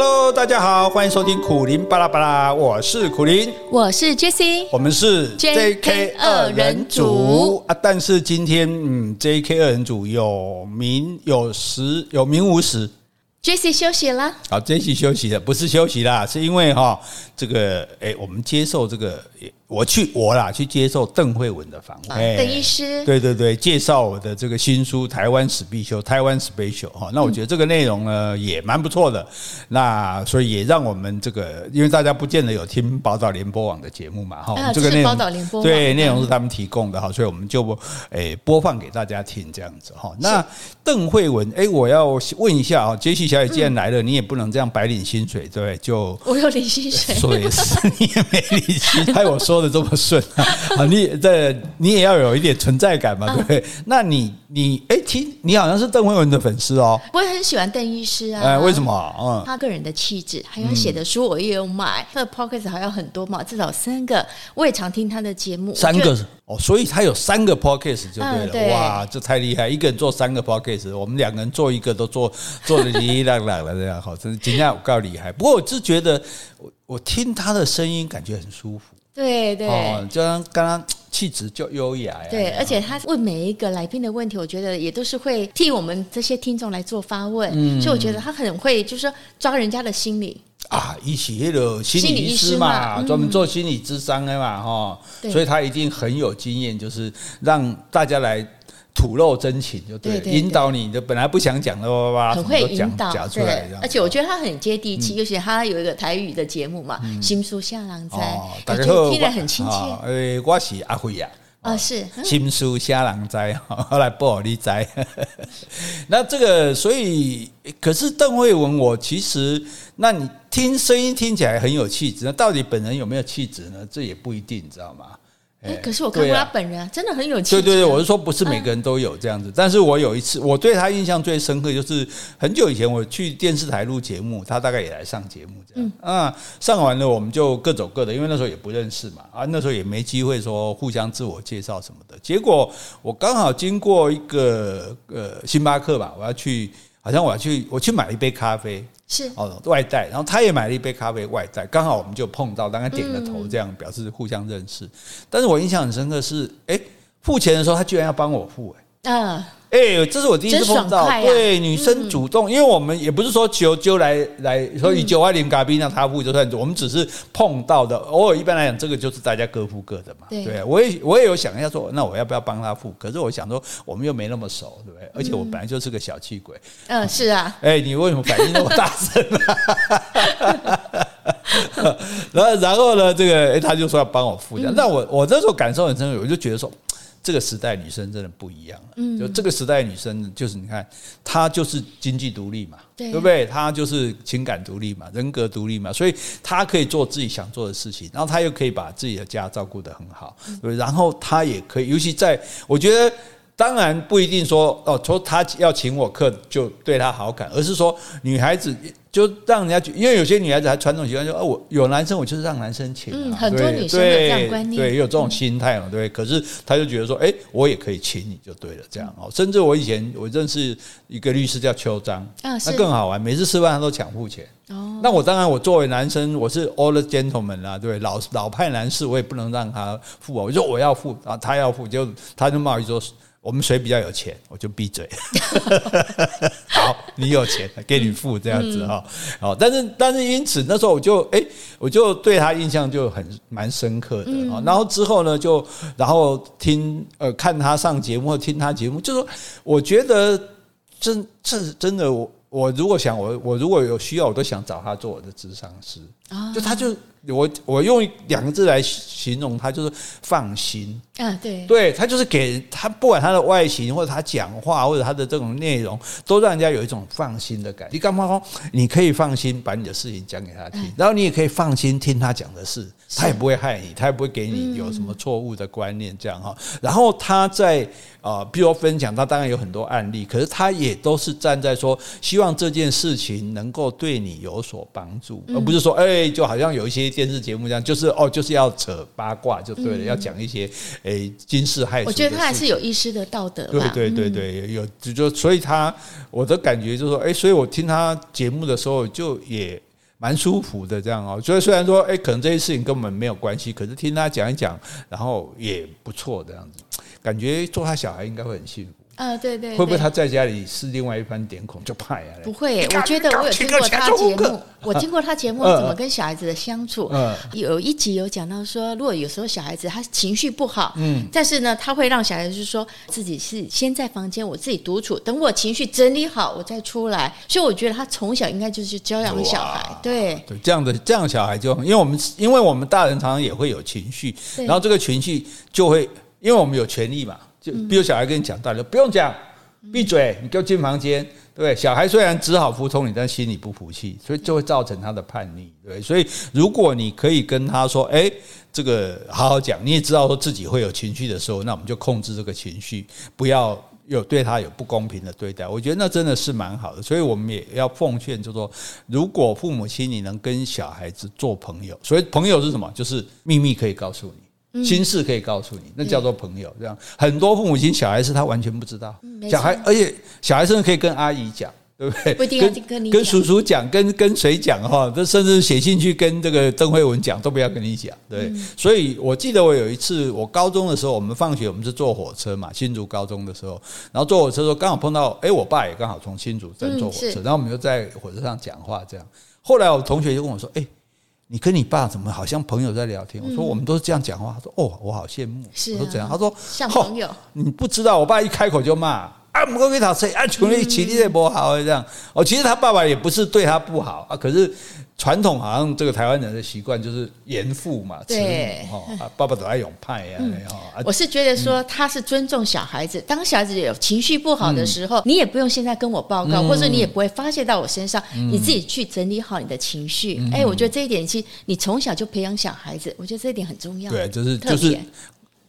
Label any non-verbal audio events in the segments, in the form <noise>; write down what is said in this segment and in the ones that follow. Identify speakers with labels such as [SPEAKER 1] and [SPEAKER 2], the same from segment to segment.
[SPEAKER 1] Hello，大家好，歡迎收聽苦苓巴拉巴拉，我是苦苓，
[SPEAKER 2] 我是 Jesse，
[SPEAKER 1] 我們是 JK J K 二人組啊，但是今天嗯，J K 二人組有名有實，有名無實
[SPEAKER 2] ，Jesse 休息了，
[SPEAKER 1] 好，Jesse 休息了，不是休息啦，是因為哈，這個誒、欸，我們接受這個。我去我啦，去接受鄧慧文的訪問，鄧、啊欸、醫
[SPEAKER 2] 師，
[SPEAKER 1] 對對對，介紹我的這個新書《台灣史必修》台灣 Special 哈。那我覺得這個內容呢、嗯、也蠻不錯的，那所以也讓我們這個，因為大家不見得有聽寶島聯播網的節目嘛哈。啊、我們這個內容、就是，對，內容是他們提供的哈、嗯，所以我們就誒、欸、播放給大家聽這樣子哈。那鄧慧文，哎、欸，我要問一下啊，傑西小姐既然來了、嗯，你也不能這樣白領薪水對不對，就，我
[SPEAKER 2] 有領薪水，所以是
[SPEAKER 1] 你也沒領薪水，還有說。說的這麼順啊！你這你也要有一點存在感嘛，對,對 <laughs> 那你你哎、欸，聽，你好像是鄧惠文的粉絲哦、哎，
[SPEAKER 2] 我也很喜歡鄧醫師啊。哎，為什麼、啊？嗯，他個人的氣質，還有寫的書，我也有買。嗯、他的 podcast 還有很多嘛，至少三個，我也常聽他的節目。三個
[SPEAKER 1] 哦，所以他有三個 podcast 就對了。嗯、對哇，這太厲害！一個人做三個 podcast，我們兩個人做一個都做做的泥爛爛了這樣，好真驚訝，我告你，害，不過我就覺得，我我聽他的聲音，感覺很舒服。對對、哦，就像剛剛氣質就優雅呀。對，
[SPEAKER 2] 而且他問每一個來賓的問題，我覺得也都是會替我們這些聽眾來做發問，嗯、所以我覺得他很會，就是說抓人家的心理
[SPEAKER 1] 啊。一起那個心理醫師嘛，師嘛嗯、專門做心理諮商的嘛，哈、哦，所以他一定很有經驗，就是讓大家來。吐露真情就對，就對對對引導你，你就本來不想講的，哇哇很會引導，講出來。而且
[SPEAKER 2] 我覺得他很接地氣、嗯，就是他有一個台語的節目嘛，嗯《心術下郎宅》哦，感覺聽得很親切。
[SPEAKER 1] 哎、哦欸，我是阿輝呀、啊。哦，
[SPEAKER 2] 是《新
[SPEAKER 1] 書下郎宅》，我來報你知。 <laughs> 那這個，所以，可是鄧惠文，我其實，那你聽聲音聽起來很有氣質，那到底本人有沒有氣質呢？這也不一定，你知道嗎？欸、可是我看過他
[SPEAKER 2] 本人、啊啊，真的很有氣質，對對對，我是說不是每
[SPEAKER 1] 個人都有這樣子，啊、但是我有一次我對他印象最深刻，就是很久以前我去電視台錄節目，他大概也來上節目這樣。嗯、啊，上完了我們就各走各的，因為那時候也不認識嘛，啊，那時候也沒機會說互相自我介紹什麼的。結果我剛好經過一個呃星巴克吧，我要去。好像我去，我去買了一杯咖啡，是哦外帶，然後他也買了一杯咖啡外帶，剛好我們就碰到，大概點個頭，這樣、嗯、表示互相認識。但是我印象很深刻的是，誒、欸，付錢的時候他居然要幫我付、欸，
[SPEAKER 2] 誒，嗯。哎、欸，這是我第一次碰到，啊、對，女
[SPEAKER 1] 生主動、嗯，因為我們也不是說求九來來說以九二零咖賓讓她付就算，我們只是碰到的，偶爾一般來講，這個就是大家各付各的嘛。對，對我也我也有想一下說，那我要不要幫他付？可是我想說，我們又沒那麼熟，對不對？嗯、而且我本來就是個小氣鬼。嗯，
[SPEAKER 2] 是啊。哎、
[SPEAKER 1] 欸，你為什麼反應那麼大聲、啊？然 <laughs> 後 <laughs> 然後呢，這個哎、欸，他就說要幫我付一下那、嗯、我我那時候感受很深，我就覺得說。這個時代女生真的不一樣、嗯、就這個時代女生就是你看，她就是經濟獨立嘛，
[SPEAKER 3] 對、啊，對不對？
[SPEAKER 1] 她就是情感獨立嘛，人格獨立嘛，所以她可以做自己想做的事情，然後她又可以把自己的家照顧得很好，嗯、對，對。然後她也可以，尤其在我覺得，當然不一定說哦，說她要請我客就對她好感，而是說女孩子。就讓人家，因為有些女孩子還傳統習慣說，哦、啊，我有男生，我就是讓男生請。嗯，很多女生這樣觀念，對，也有這種心態嘛對、嗯，對。可是他就覺得說，誒、欸，我也可以請你就對了，這樣哦、嗯。甚至我以前我認識一個律師叫邱彰、嗯，那更好玩，每次吃飯他都搶付錢。哦，那我當然我作為男生我是 all the gentlemen 啦、啊，對，老老派男士我也不能讓他付我、啊，我說我要付啊，然後他要付就他就冒雨說。我們誰比較有錢，我就閉嘴。 <laughs> 好，你有錢，給你付這樣子哈。好、嗯，但是但是因此那時候我就哎、欸，我就對他印象就很蠻深刻的啊、嗯。然後之後呢，就然後聽呃看他上節目，或聽他節目，就說我覺得真真真的我，我我如果想我我如果有需要，我都想找他做我的諮商師啊。就他就。啊我我用兩個字來形容他，就是放心。啊，對，對他就是給他不管他的外形或者他講話或者他的這種內容，都讓人家有一種放心的感覺。你剛剛說你可以放心把你的事情講給他聽，然後你也可以放心聽他講的事。他也不會害你，他也不會給你有什麼錯誤的觀念，這樣哈、嗯。然後他在啊，比、呃、如說分享，他當然有很多案例，可是他也都是站在說，希望這件事情能夠對你有所幫助、嗯，而不是說，哎、欸，就好像有一些電視節目這樣，就是哦，就是要扯八卦就對了，嗯、要講一些哎驚、欸、世駭俗。我覺得他還是有
[SPEAKER 2] 醫師的道德。對對對對，
[SPEAKER 1] 有就就，所以他我的感覺就是說，哎、欸，所以我聽他節目的時候就也。蠻舒服的這樣哦，所以雖然說，哎，可能這些事情跟我們沒有關係，可是聽他講一講，然後也不錯這樣子，感覺做他小孩應該會很幸福。
[SPEAKER 2] 呃，對對，對，會不會他
[SPEAKER 1] 在家裡是另外一番臉孔？就怕呀？不
[SPEAKER 2] 會，我覺得我有聽過他節目，我聽過他節目、呃、怎麼跟小孩子的相處。嗯、呃，有一集有講到說，如果有時候小孩子他情緒不好，嗯，但是呢，他會讓小孩子說自己是先在房間我自己獨處，等我情緒整理好，我再出來。所以我覺得他從小應該就是教養小孩。對，對，
[SPEAKER 1] 這樣的這樣小孩就因為我們因為我們大人常常也會有情緒，對，然後這個情緒就會因為我們有權力嘛。就比如小孩跟你講道理，不用講，閉嘴，你給我進房間，對不對？小孩雖然只好服從你，但心裡不服氣，所以就會造成他的叛逆，對。所以如果你可以跟他說，哎，這個好好講，你也知道說自己會有情緒的時候，那我們就控制這個情緒，不要有對他有不公平的對待。我覺得那真的是蠻好的，所以我們也要奉勸，就是說如果父母親你能跟小孩子做朋友，所以朋友是什麼？就是秘密可以告訴你。嗯、心事可以告訴你，那叫做朋友。這樣，很多父母親、小孩子他完全不知道、嗯。小孩，而且小孩甚至可以跟阿姨講，對不對？不一定要跟你講，跟跟叔叔講，跟跟誰講哈？這甚至寫信去跟這個鄧惠文講，都不要跟你講。對，對、嗯，所以我記得我有一次，我高中的時候，我們放學，我們是坐火車嘛，新竹高中的時候，然後坐火車的時候剛好碰到，誒我爸也剛好從新竹站坐火車、嗯，然後我們就在火車上講話。這樣，後來我同學就跟我說，誒你跟你爸怎麼好像朋友在聊天？嗯、我說我們都是這樣講話。他說哦，我好羨慕。是、啊，我說怎樣？他說像朋友。你不知道，我爸一開口就罵啊，我們跟他啊，窮的起勁不好這樣。哦，其實他爸爸也不是對他不好啊，可是。傳統好像這個台灣人的習慣就是嚴父嘛，慈母，爸爸的愛勇派呀，我是覺得說
[SPEAKER 2] 他是尊重小孩子，當小孩子有情緒不好的時候，你也不用現在跟我報告，或者你也不會發洩到我身上，你自己去整理好你的情緒。哎，我覺得這一點其實，你從小就培養小孩子，我覺得這一點很重要。對，就是就是。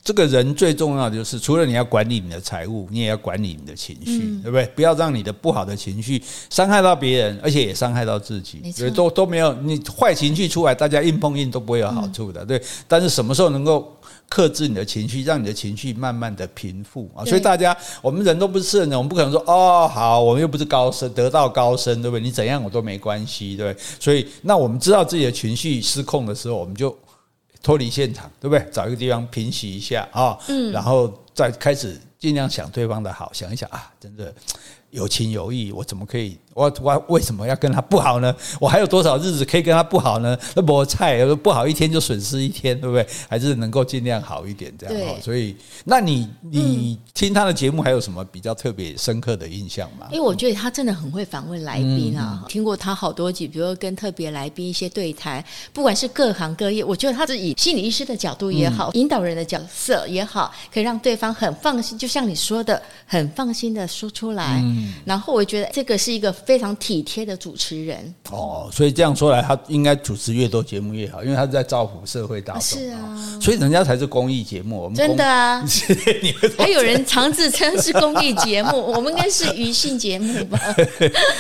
[SPEAKER 1] 這個人最重要的就是，除了你要管理你的財務，你也要管理你的情緒，嗯、對不對？不要讓你的不好的情緒傷害到別人，而且也傷害到自己，所、嗯、以都都沒有。你壞情緒出來，大家硬碰硬都不會有好處的，嗯、對。但是什麼時候能夠克制你的情緒，讓你的情緒慢慢的平復啊？所以大家，我們人都不是聖人，我們不可能說哦，好，我們又不是高僧，得道高僧，對不對？你怎樣我都沒關係，對，不對。所以，那我們知道自己的情緒失控的時候，我們就。脫離現場，對不對？找一個地方平息一下啊，然後再開始儘量想對方的好，想一想啊，真的有情有義，我怎麼可以？我我為什麼要跟他不好呢？我還有多少日子可以跟他不好呢？那我菜不好一天就損失一天，對不對？還是能夠盡量好一點這樣。所以，那你、嗯、你聽他的節目還有什麼比較特別深刻的印象嗎？因、欸、
[SPEAKER 2] 為我覺得他真的很會訪問來賓啊，嗯、聽過他好多集，比如說跟特別來賓一些對談，不管是各行各業，我覺得他是以心理醫師的角度也好、嗯，引導人的角色也好，可以讓對方很放心，就像你說的，很放心的說出來。嗯、然後我覺得這個是一個。非常體貼的主持人哦，
[SPEAKER 1] 所以這樣說來，他應該主持越多節目越好，因為他是在造福社會大眾。啊是啊，所以人家才是公益節目我們。真的啊， <laughs> 還有人
[SPEAKER 2] 常自稱是公益節目， <laughs> 我們應該是餘興節目吧？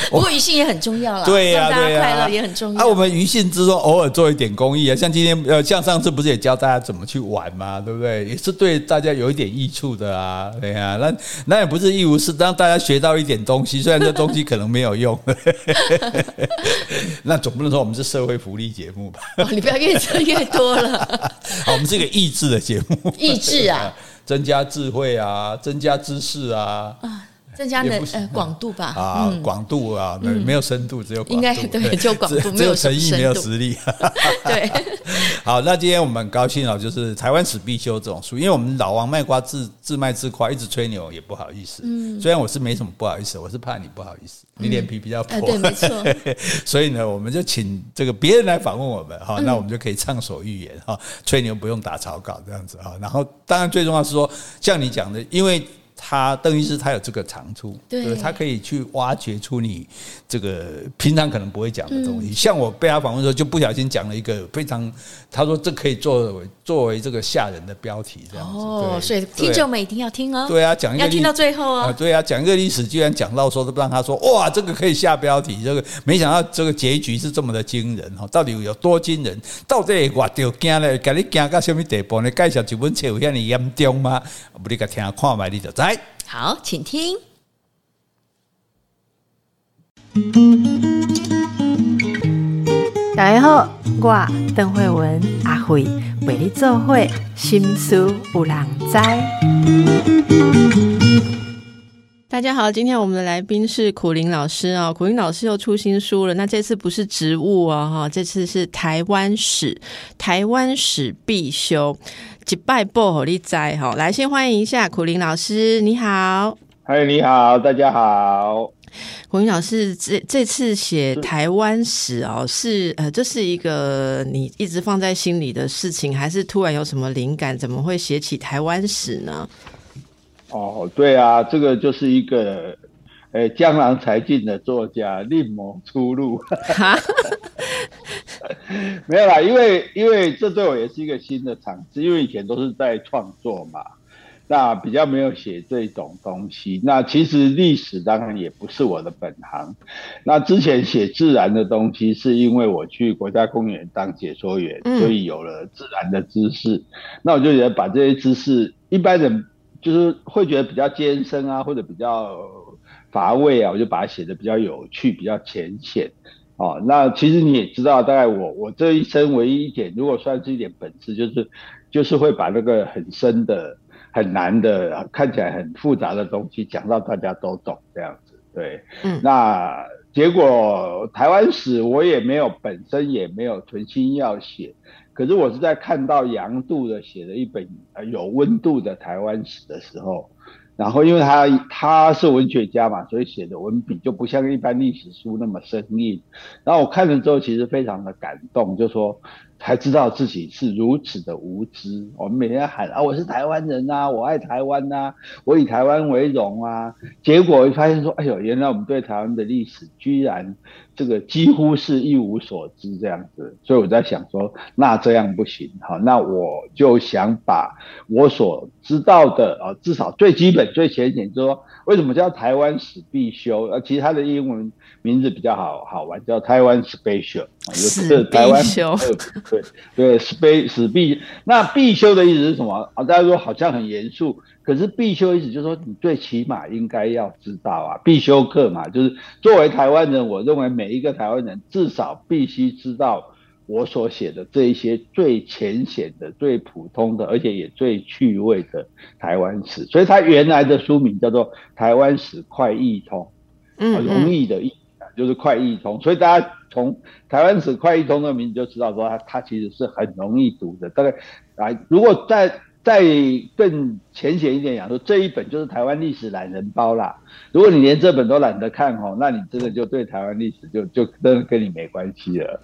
[SPEAKER 2] 不過餘興也很重要了，對呀、啊啊，讓大家快樂也很重要。對啊，對啊，啊
[SPEAKER 1] 我們餘興之中偶爾做一點公益啊，像今天呃，像上次不是也教大家怎麼去玩嘛，對不對？也是對大家有一點益處的啊，對呀、啊，那那也不是義務，是讓大家學到一點東西。雖然這東西可能沒有。好用， <laughs> 那總不能說我們是社會福利節目吧？
[SPEAKER 3] 你不要越扯越多
[SPEAKER 1] 了。好，我們是一個益智的節目，益智啊，增加智慧啊，增加知識啊。
[SPEAKER 2] 更加的呃
[SPEAKER 1] 廣度吧，啊，廣、嗯啊、度啊、嗯，沒有深度，只有廣度，應該，對，就廣度，沒有誠意，沒有實力。 <laughs> 對，好，那今天我們很高興啊，就是台灣史必修這種書，因為我們老王賣瓜自自賣自誇，一直吹牛也不好意思。嗯，雖然我是沒什麼不好意思，我是怕你不好意思，嗯、你臉皮比較薄。嗯呃、對，沒錯。 <laughs> 所以呢，我們就請這個別人來訪問我們哈、嗯，那我們就可以暢所欲言哈，吹牛不用打草稿這樣子哈，然後，當然最重要是說，像你講的、嗯，因為。他等於是他有這個長處，對，對，他可以去挖掘出你這個平常可能不會講的東西。像我被他訪問的時候，就不小心講了一個非常，他說這可以作為作為這個嚇人的標題這樣子。哦，
[SPEAKER 2] 所以聽眾們一定要聽哦，對啊，講一個要聽到最後哦，
[SPEAKER 1] 對啊，講一個歷史，居然講到說，不讓他說，哇，這個可以下標題，這個沒想到這個結局是這麼的驚人哈、哦，到底有多驚人？到底我著驚了，今日驚到什麼地步呢？介紹幾本書遐尼嚴重嗎？不，你個聽看賣你就知。好，請聽。
[SPEAKER 3] 大家好，我鄧惠文阿慧為你做會，心事有人知。大家好，今天我們的來賓是苦苓老師啊，苦苓老師又出新書了。那這次不是植物啊，哈，這次是台灣史，台灣史必修。拜敗波利仔哈，來先歡迎一下苦苓老師，你好，
[SPEAKER 1] 嗨、hey，你好，大家好。
[SPEAKER 3] 苦苓老師這這次寫台灣史哦，是呃，這是一個你一直放在心裡的事情，還是突然有什麼靈感，怎麼會寫起台灣史呢？
[SPEAKER 1] 哦，對啊，這個就是一個、欸、江郎才盡的作家另謀出路。 <laughs> <laughs> <laughs> 沒有啦，因為因為這對我也是一個新的嘗試，因為以前都是在創作嘛，那比較沒有寫這種東西。那其實歷史當然也不是我的本行，那之前寫自然的東西是因為我去國家公園當解說員，所以有了自然的知識。嗯、那我就覺得把這些知識一般人就是會覺得比較艱深啊，或者比較乏味啊，我就把它寫得比較有趣，比較淺顯。哦，那其實你也知道，大概我我這一生唯一一點，如果算是一點本事，就是就是會把那個很深的、很難的、看起來很複雜的東西講到大家都懂這樣子。對，嗯。那結果台灣史我也沒有本身也沒有存心要寫，可是我是在看到楊渡的寫的一本有溫度的台灣史的時候。然後，因為他他是文學家嘛，所以寫的文筆就不像一般歷史書那麼生硬。然後我看了之後，其實非常的感動，就說。才知道自己是如此的無知。我們每天喊啊，我是台灣人啊，我愛台灣啊，我以台灣為榮啊。結果發現說，哎呦，原來我們對台灣的歷史居然這個幾乎是一無所知這樣子。所以我在想說，那這樣不行哈，啊，那我就想把我所知道的啊，至少最基本最淺顯，就是說為什麼叫台灣史必修而，啊，其他的英文。名字比較好好玩，叫《台灣 special 史必修》啊，有、就是、台灣史必修， <laughs> 對對，space 必，那必修的意思是什麼？啊、大家說好像很嚴肅，可是必修意思就是說，你最起碼應該要知道啊，必修課嘛，就是作為台灣人，我認為每一個台灣人至少必須知道我所寫的這一些最淺顯的、最普通的，而且也最趣味的台灣史。所以它原來的書名叫做《台灣史快易通》啊，很容易的易就是快易通，所以大家從台灣史“快易通”的名字就知道說他，說它它其實是很容易讀的。大概啊、呃，如果在。再更淺顯一點講說，這一本就是台灣歷史懶人包啦。如果你連這本都懶得看吼，那你真的就對台灣歷史就就跟跟你沒關係了。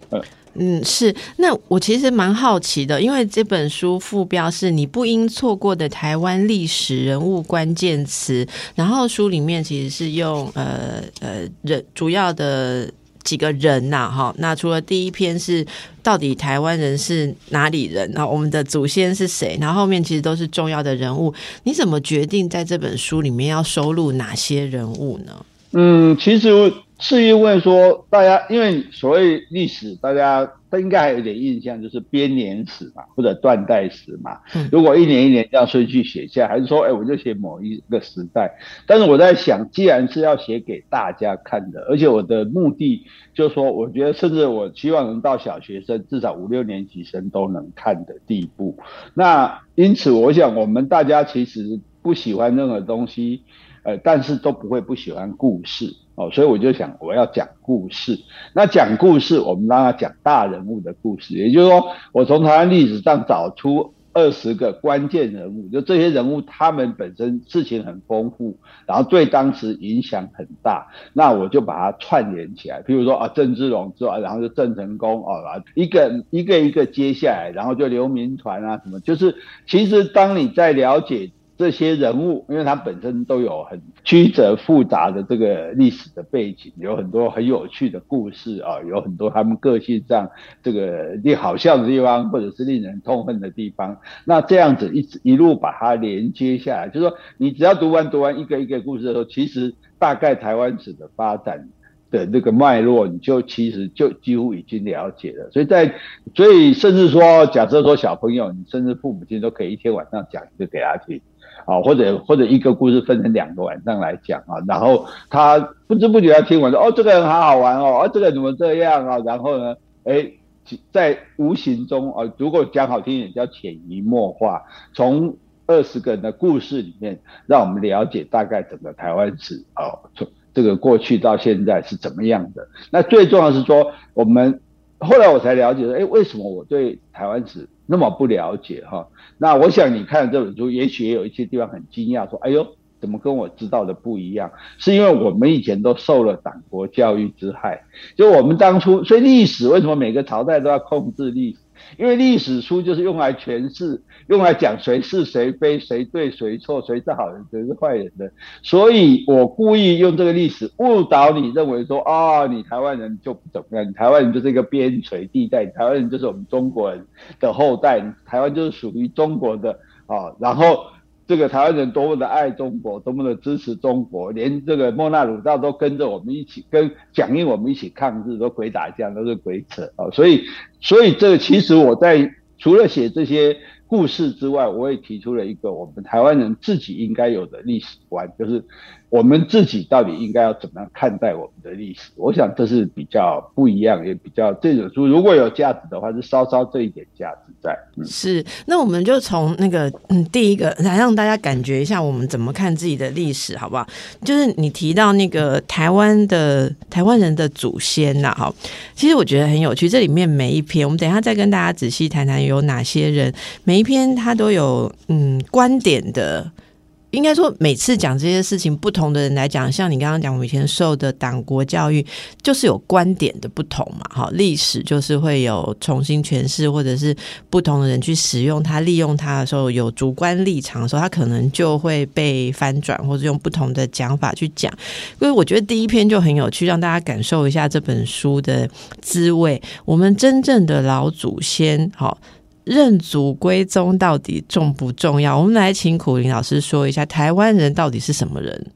[SPEAKER 3] 嗯，是。那我其實蠻好奇的，因為這本書副標是你不應錯過的台灣歷史人物關鍵詞，然後書裡面其實是用呃呃人主要的。幾個人吶，哈，那除了第一篇是到底台灣人是哪裡人，然後我們的祖先是誰，然後後面其實都是重要的人物。你怎麼決定在這本書裡面要收錄哪些人物呢？嗯，
[SPEAKER 1] 其實。至於問說大家，因為所謂歷史，大家都應該還有點印象，就是編年史嘛，或者斷代史嘛。如果一年一年這樣順序寫下，還是說，哎、欸，我就寫某一個時代。但是我在想，既然是要寫給大家看的，而且我的目的就是說，我覺得甚至我希望能到小學生至少五六年級生都能看的地步。那因此，我想我們大家其實不喜歡任何東西，呃，但是都不會不喜歡故事。哦，所以我就想我要講故事。那講故事，我們讓他講大人物的故事，也就是說，我從台灣歷史上找出二十個關鍵人物，就這些人物他們本身事情很豐富，然後對當時影響很大，那我就把它串聯起來。比如說啊，鄭芝龍之後，然後就鄭成功哦，一個一個一個接下來，然後就劉銘傳啊什麼，就是其實當你在了解，這些人物，因為他本身都有很曲折複雜的這個歷史的背景，有很多很有趣的故事啊，有很多他們個性上這個令好笑的地方，或者是令人痛恨的地方。那這樣子一直一路把它連接下來，就是說，你只要讀完讀完一個一個故事的時候，其實大概台灣史的發展的那個脈絡，你就其實就幾乎已經了解了。所以在，在所以甚至說，假設說小朋友，你甚至父母親都可以一天晚上講一個給他聽。啊，或者或者一個故事分成兩個晚上來講啊，然後他不知不覺要聽完說，哦，這個人好好玩哦，啊、哦，這個人怎麼這樣啊？然後呢，哎、欸，在無形中啊，如果講好聽一點叫潛移默化，從二十個人的故事裡面，讓我們了解大概整個台灣史哦，從這個過去到現在是怎麼樣的。那最重要的是說我們。後來我才了解說，欸，為什麼我對台灣史那麼不了解？哈，那我想你看這本書，也許也有一些地方很驚訝，說，哎喲，怎麼跟我知道的不一樣？是因為我們以前都受了黨國教育之害，就我們當初，所以歷史為什麼每個朝代都要控制歷史？因為歷史書就是用來詮釋。用來講誰是誰非，誰對誰錯，誰是好人，誰是壞人的，所以我故意用這個歷史誤導你，認為說啊、哦，你台灣人就不怎麼樣，你台灣人就是一個邊陲地帶，你台灣人就是我們中國人的後代，你台灣就是屬於中國的啊、哦，然後這個台灣人多麼的愛中國，多麼的支持中國，連這個莫那魯道都跟着我們一起跟蔣英我們一起抗日，都鬼打架都是鬼扯啊、哦，所以所以這個其實我在、嗯、除了寫這些。故事之外，我也提出了一個我們台灣人自己應該有的歷史觀，就是我們自己到底應該要怎麼樣看待我們的歷史。我想這是比較不一樣，也比較這本書如果有價值的話，是稍稍這一點價值在、嗯。
[SPEAKER 3] 是，那我們就從那個嗯，第一個來讓大家感覺一下，我們怎麼看自己的歷史，好不好？就是你提到那個台灣的台灣人的祖先吶、啊，哈，其實我覺得很有趣。這裡面每一篇，我們等一下再跟大家仔細談談有哪些人，每。篇他都有嗯觀點的，應該說每次講這些事情，不同的人來講，像你剛剛講，我們以前受的黨國教育就是有觀點的不同嘛，哈，歷史就是會有重新詮釋，或者是不同的人去使用它，利用它的時候有主觀立場的時候，他可能就會被翻轉，或者用不同的講法去講。因為我覺得第一篇就很有趣，讓大家感受一下這本書的滋味。我們真正的老祖先，好。認祖歸宗到底重不重要？我們來請苦苓老師說一下，台灣人到底是
[SPEAKER 1] 什麼人？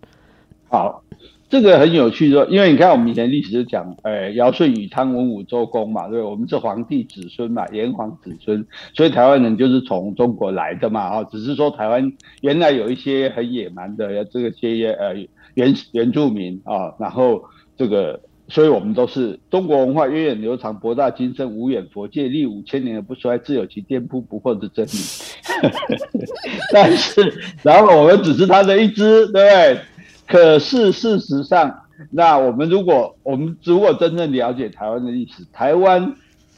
[SPEAKER 1] 好，這個很有趣的，因為你看我們以前歷史講，哎、欸，堯舜禹湯文武周公嘛，對對？我們是黃帝子孫嘛，炎黃子孫，所以台灣人就是從中國來的嘛，啊，只是說台灣原來有一些很野蠻的這個些呃原原住民啊、喔，然後這個。所以，我們都是中國文化源遠流長、博大精深、無遠弗屆歷五千年而不衰，自有其顛撲不破的真理。 <laughs> 但是，然後我們只是他的一支，對不對？可是事實上，那我們如果我們如果真正了解台灣的歷史，台灣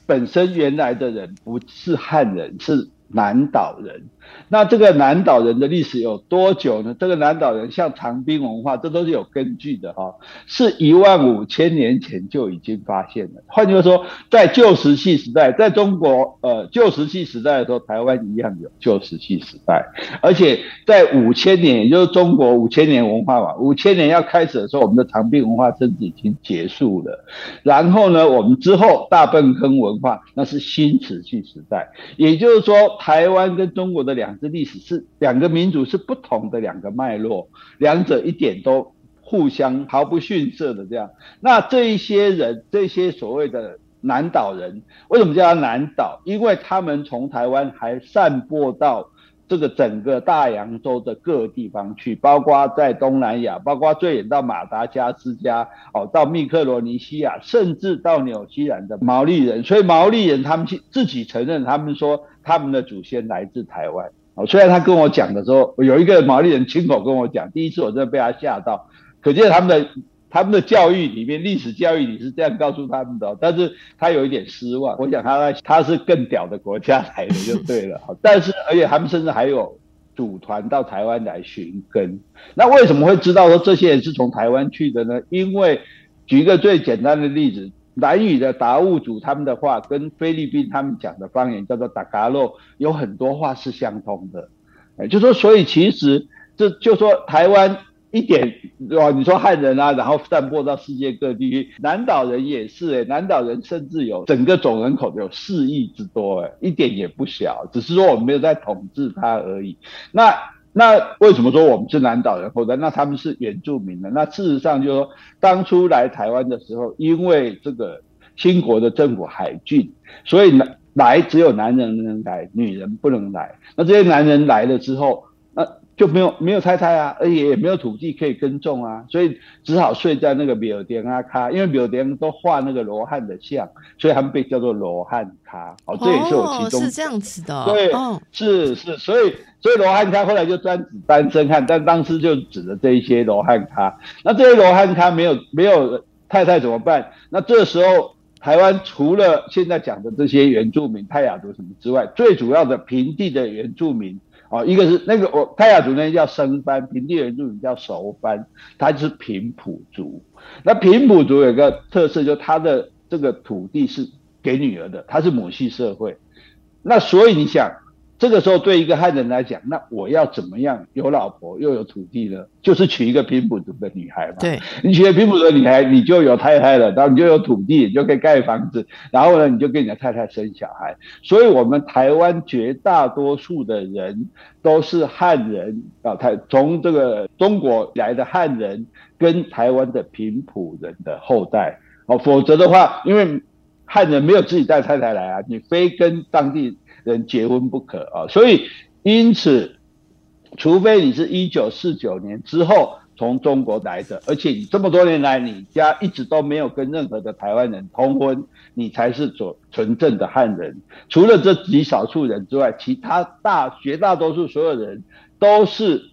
[SPEAKER 1] 本身原來的人不是漢人，是。南島人，那這個南島人的歷史有多久呢？這個南島人像長濱文化，這都是有根據的哈、哦，是一萬五千年前就已經發現了。換句話說，在舊石器時代，在中國呃舊石器時代的時候，台灣一樣有舊石器時代，而且在五千年，也就是中國五千年文化嘛，五千年要開始的時候，我們的長濱文化甚至已經結束了。然後呢，我們之後大坌坑文化，那是新石器時代，也就是說。台灣跟中國的兩支歷史是兩個民族是不同的兩個脈絡，兩者一點都互相毫不遜色的這樣。那這一些人，這些所謂的南島人，為什麼叫他南島？因為他們從台灣還散播到。這個整個大洋洲的各地方去，包括在東南亞，包括最遠到馬達加斯加，哦，到密克羅尼西亞，甚至到紐西蘭的毛利人。所以毛利人他們去自己承認，他們說他們的祖先來自台灣。雖然他跟我講的時候，有一個毛利人親口跟我講，第一次我真的被他嚇到，可見他們的。他們的教育裡面，歷史教育裡是這樣告訴他們的、哦，但是他有一點失望。我想他他他是更屌的國家來的就對了、哦。 <laughs> 但是而且他們甚至還有組團到台灣來尋根。那為什麼會知道說這些人是從台灣去的呢？因為舉一個最簡單的例子，南語的達悟族他們的話跟菲律賓他們講的方言叫做達嘎洛，有很多話是相通的。欸、就說所以其實這就，就說台灣。一點哇，你說漢人啊，然後散播到世界各地。南島人也是誒、欸、南島人甚至有整個總人口有四億之多誒、欸、一點也不小。只是說我們沒有在統治他而已。那那為什麼說我們是南島人後代，那他們是原住民呢？那事實上就是說，當初來台灣的時候，因為這個清國的政府海禁，所以來只有男人能來，女人不能來。那這些男人來了之後，就沒有沒有太太啊，而且也沒有土地可以耕種啊，所以只好睡在那個廟殿啊，腳，因為廟殿都畫那個羅漢的像，所以他們被叫做羅漢腳哦，這也是我其中、哦、是這
[SPEAKER 3] 樣子的、哦。對、
[SPEAKER 1] 哦，是是，所以所以羅漢腳後來就專指單身漢，但當時就指的這一些羅漢腳，那這些羅漢腳沒有沒有太太怎麼辦？那這時候台灣除了現在講的這些原住民泰雅族什麼之外，最主要的平地的原住民。哦，一個是那個我泰雅族那叫生班，平地原住民叫熟班，他就是平埔族。那平埔族有個特色，就他的這個土地是給女兒的，他是母系社會。那所以你想。這個時候對一個漢人來講，那我要怎麼樣有老婆又有土地呢？就是娶一個平埔族的女孩嘛。對，你娶一個平埔族女孩，你就有太太了，然後你就有土地，你就可以蓋房子，然後呢，你就跟你的太太生小孩。所以，我們台灣絕大多數的人都是漢人啊，台從這個中國來的漢人跟台灣的平埔人的後代哦，否則的話，因為漢人沒有自己帶太太來啊，你非跟當地。人結婚不可啊、哦，所以因此，除非你是一九四九年之後從中國來的，而且你這麼多年來你家一直都沒有跟任何的台灣人通婚，你才是左純正的漢人。除了這極少數人之外，其他大絕大多數所有人都是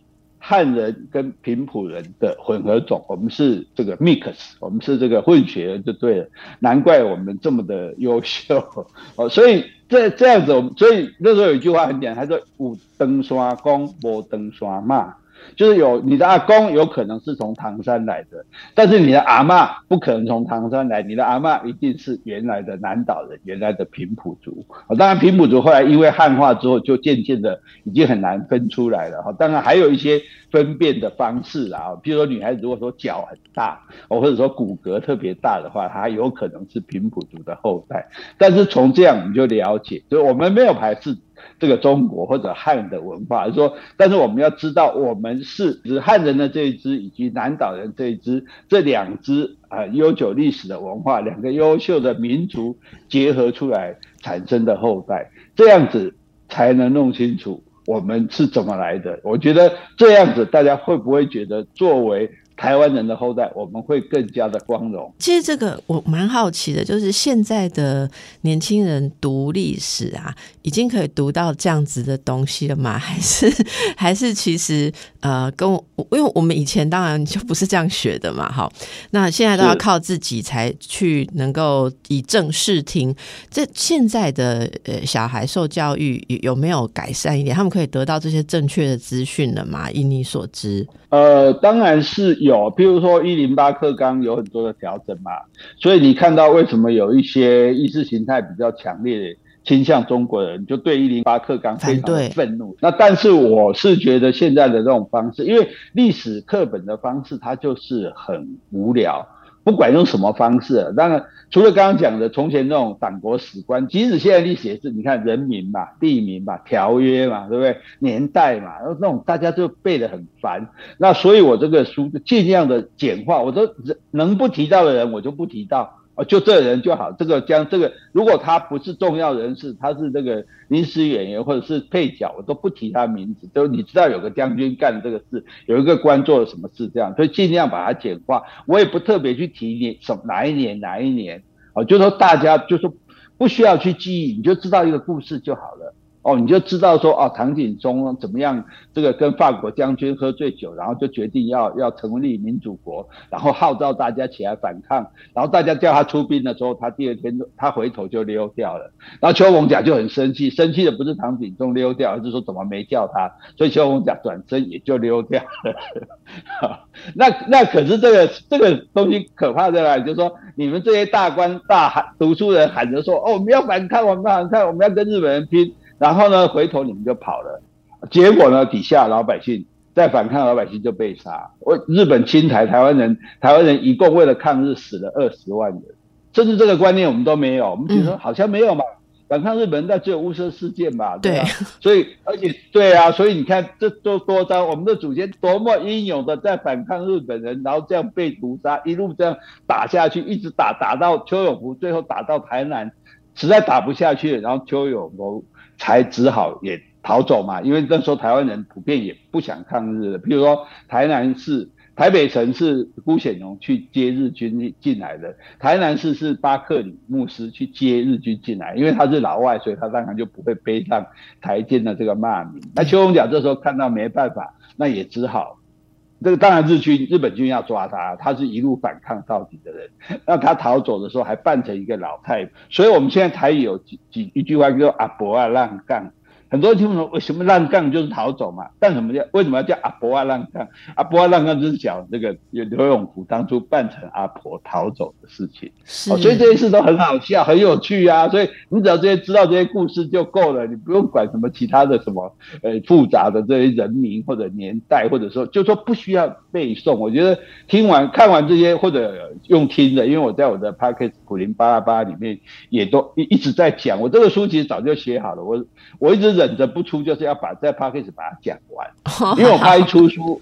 [SPEAKER 1] 漢人跟平埔人的混合種。我們是這個 mix，我們是這個混血兒就對了。難怪我們這麼的優秀哦，所以。這這樣子，所以那時候有一句話很簡單，他說，有登山工，無登山馬。就是有你的阿公有可能是從唐山來的，但是你的阿嬤不可能從唐山來，你的阿嬤一定是原來的南島人，原來的平埔族。啊、哦，當然平埔族後來因為漢化之後，就漸漸的已經很難分出來了。哈、哦，當然還有一些分辨的方式啦，啊，比如說女孩子如果說腳很大，哦，或者說骨骼特別大的話，她有可能是平埔族的後代。但是從這樣你就了解，所以我們沒有排斥。這個中國或者漢的文化說，但是我們要知道，我們是指漢人的這一支，以及南島人這一支，這兩支啊、呃、悠久歷史的文化，兩個優秀的民族結合出來產生的後代，這樣子才能弄清楚我們是怎麼來的。我覺得這樣子，大家會不會覺得作為？台灣人的後代，我們會更加的光榮。
[SPEAKER 3] 其實這個我蠻好奇的，就是現在的年輕人讀歷史啊，已經可以讀到這樣子的東西了嗎？還是還是其實呃，跟我因為我們以前當然就不是這樣學的嘛，好，那現在都要靠自己才去能夠以正視聽。這現在的呃小孩受教育，有沒有改善一點？他們可以得到這些正確的資訊了嗎？以你所知，
[SPEAKER 1] 呃，當然是。有，譬如說一零八課綱有很多的調整嘛，所以你看到為什麼有一些意識形態比較強烈的傾向中國人，就對一零八課綱非常憤怒。那但是我是覺得現在的這種方式，因為歷史課本的方式，它就是很無聊。不管用什麼方式啊，當然除了剛剛講的從前那種黨國史觀，即使現在歷史也是，你看人名嘛，地名嘛，條約嘛，對不對？年代嘛，那種大家就背得很煩。那所以我這個書盡量的簡化，我都能不提到的人，我就不提到。哦，就這人就好。這個將，這個如果他不是重要人士，他是這個臨時演員或者是配角，我都不提他名字。都你知道有個將軍幹這個事，有一個官做了什麼事，這樣，所以儘量把它簡化。我也不特別去提你什哪一年哪一年，哦，就說大家就是說不需要去記憶，你就知道一個故事就好了。哦，你就知道說啊、哦，唐景崧怎麼樣？這個跟法國將軍喝醉酒，然後就決定要要成立民主國，然後號召大家起來反抗。然後大家叫他出兵的時候，他第二天他回頭就溜掉了。然後丘逢甲就很生氣，生氣的不是唐景崧溜掉，而是說怎麼沒叫他？所以丘逢甲轉身也就溜掉了。 <laughs> 哦、那那可是這個這個東西可怕在哪裡？就是說你們這些大官大喊讀書人喊着說哦我，我們要反抗，我們要反抗，我們要跟日本人拼。然後呢，回頭你們就跑了，結果呢，底下老百姓在反抗，老百姓就被殺。我日本侵台，台灣人台灣人一共為了抗日死了二十萬人，甚至這個觀念我們都沒有，我們覺得好像沒有嘛，嗯，反抗日本人那只有霧社事件嘛。對，對啊。所以，而且對啊，所以你看這都多糟，我們的祖先多麼英勇的在反抗日本人，然後這樣被屠殺，一路這樣打下去，一直打，打到邱永福，最後打到台南，實在打不下去，然後邱永福。才只好也逃走嘛，因為那時候台灣人普遍也不想抗日的。比如說，台南市，台北城是辜顯榮去接日軍進來的，台南市是巴克里牧師去接日軍進來，因為他是老外，所以他當然就不會背上台奸的這個罵名。那丘逢甲這時候看到沒辦法，那也只好。這個當然，日軍日本軍要抓他，他是一路反抗到底的人。那他逃走的時候還扮成一個老太婆，所以我們現在才有幾幾一句話叫阿婆啊浪港。讓很多人聽不懂，為什麼爛槓就是逃走嘛？但什麼叫？為什麼要叫阿婆啊浪槓？阿婆啊浪槓就是講這個劉永福當初扮成阿婆逃走的事情。哦，所以這些事都很好笑，很有趣啊。所以你只要這些知道這些故事就夠了，你不用管什麼其他的什麼呃複雜的這些人名或者年代，或者說就說不需要背誦。我覺得聽完看完這些或者用聽的，因為我在我的 Podcast《苦苓巴拉巴》裡面也都一一直在講。我這個書其實早就寫好了，我我一直。忍着不出，就是要把這 podcast 把它講完，因為我怕一出書，oh, wow.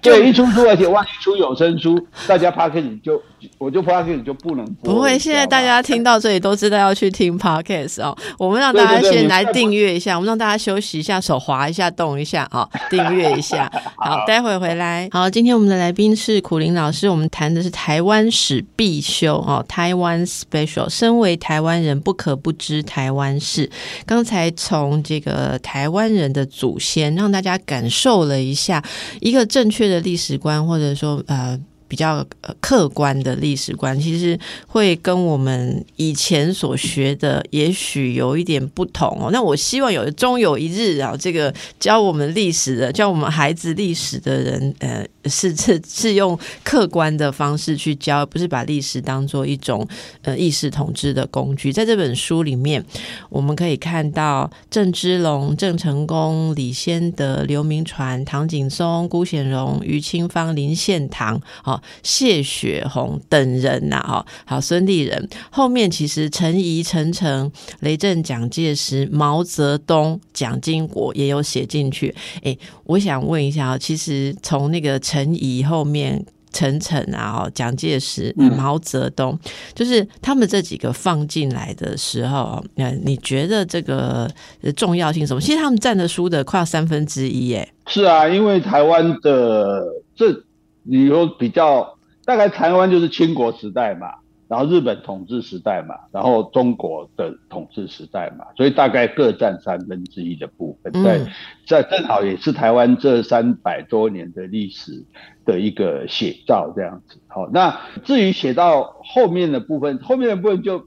[SPEAKER 1] 對，一出書，而且萬一出有聲書，大家 podcast 就。我就你就不能不會，現在大
[SPEAKER 3] 家聽到這裡都知道要去聽 podcast <laughs> 哦。我們讓大家先來訂閱一下。對對對，我們讓大家休息一下，手滑一下，動一下啊，哦，訂閱一下。好， <laughs> 好，待會回來。好，今天我們的來賓是苦苓老師，我們談的是台灣史必修哦，台灣 special。身為台灣人，不可不知台灣事。剛才從這個台灣人的祖先，讓大家感受了一下一個正確的歷史觀，或者說呃。比較、呃、客觀的歷史觀，其實會跟我們以前所學的也許有一點不同哦。那我希望有終有一日啊，這個教我們歷史的、教我們孩子歷史的人，呃，是是是用客觀的方式去教，不是把歷史當做一種呃意識統治的工具。在這本書裡面，我們可以看到鄭芝龍、鄭成功、李先德、劉銘傳、唐景崧、辜顯榮、於清芳、林獻堂，好、哦。謝雪紅等人吶，哈，好，孫立人後面其實陳儀陳誠、雷震、蔣介石、毛澤東、蔣經國也有寫進去。哎、欸，我想問一下，其實從那個陳儀後面，陳誠啊，蔣介石、嗯、毛澤東，就是他們這幾個放進來的時候，那你覺得這個重要性什麼？其實他們占的書的快三分之一、欸，
[SPEAKER 1] 哎，是啊，因為台灣的這。你說比較大概台灣就是清國時代嘛，然後日本統治時代嘛，然後中國的統治時代嘛，所以大概各佔三分之一的部分，在在正好也是台灣這三百多年的歷史的一個寫照這樣子。好，那至於寫到後面的部分，後面的部分就。